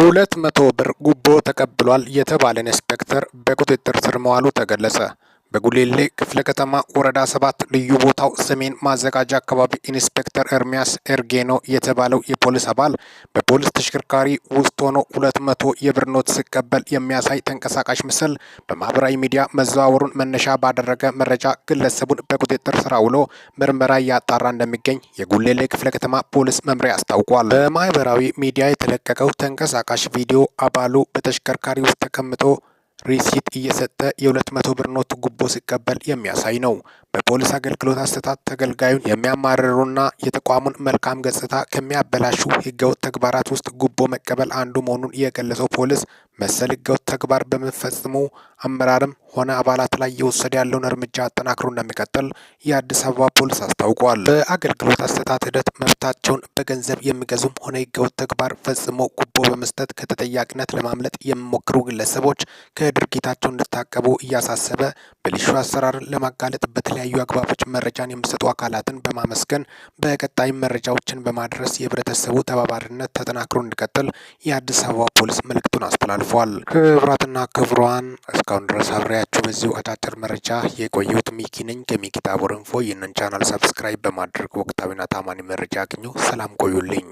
በሁለት መቶ ብር ጉቦ ተቀብሏል የተባለ ኢንስፔክተር በቁጥጥር ስር መዋሉ ተገለጸ። በጉሌሌ ክፍለ ከተማ ወረዳ ሰባት ልዩ ቦታው ሰሜን ማዘጋጃ አካባቢ ኢንስፔክተር ኤርሚያስ ኤርጌኖ የተባለው የፖሊስ አባል በፖሊስ ተሽከርካሪ ውስጥ ሆኖ ሁለት መቶ የብር ኖት ሲቀበል የሚያሳይ ተንቀሳቃሽ ምስል በማህበራዊ ሚዲያ መዘዋወሩን መነሻ ባደረገ መረጃ ግለሰቡን በቁጥጥር ስራ ውሎ ምርመራ እያጣራ እንደሚገኝ የጉሌሌ ክፍለ ከተማ ፖሊስ መምሪያ አስታውቋል። በማህበራዊ ሚዲያ የተለቀቀው ተንቀሳቃሽ ቪዲዮ አባሉ በተሽከርካሪ ውስጥ ተቀምጦ ሪሲት እየሰጠ የ200 ብር ኖት ጉቦ ሲቀበል የሚያሳይ ነው። በፖሊስ አገልግሎት አሰጣጥ ተገልጋዩን የሚያማርሩና የተቋሙን መልካም ገጽታ ከሚያበላሹ ህገወጥ ተግባራት ውስጥ ጉቦ መቀበል አንዱ መሆኑን የገለጸው ፖሊስ መሰል ህገወጥ ተግባር በመፈጸሙ አመራርም ሆነ አባላት ላይ እየወሰደ ያለውን እርምጃ አጠናክሮ እንደሚቀጥል የአዲስ አበባ ፖሊስ አስታውቋል። በአገልግሎት አሰጣት ሂደት መብታቸውን በገንዘብ የሚገዙም ሆነ ህገወጥ ተግባር ፈጽሞ ጉቦ በመስጠት ከተጠያቂነት ለማምለጥ የሚሞክሩ ግለሰቦች ከድርጊታቸው እንዲታቀቡ እያሳሰበ ብልሹ አሰራርን ለማጋለጥ በተለያዩ አግባቦች መረጃን የሚሰጡ አካላትን በማመስገን በቀጣይ መረጃዎችን በማድረስ የህብረተሰቡ ተባባሪነት ተጠናክሮ እንዲቀጥል የአዲስ አበባ ፖሊስ መልእክቱን አስተላልፏል። አልፏል። ክብራትና ክብሯን እስካሁን ድረስ አብሬያችሁ በዚሁ አጫጭር መረጃ የቆየሁት ሚኪ ነኝ ከሚኪ ኢንፎ። ይህንን ቻናል ሰብስክራይብ በማድረግ ወቅታዊና ታማኒ መረጃ አግኙ። ሰላም ቆዩልኝ።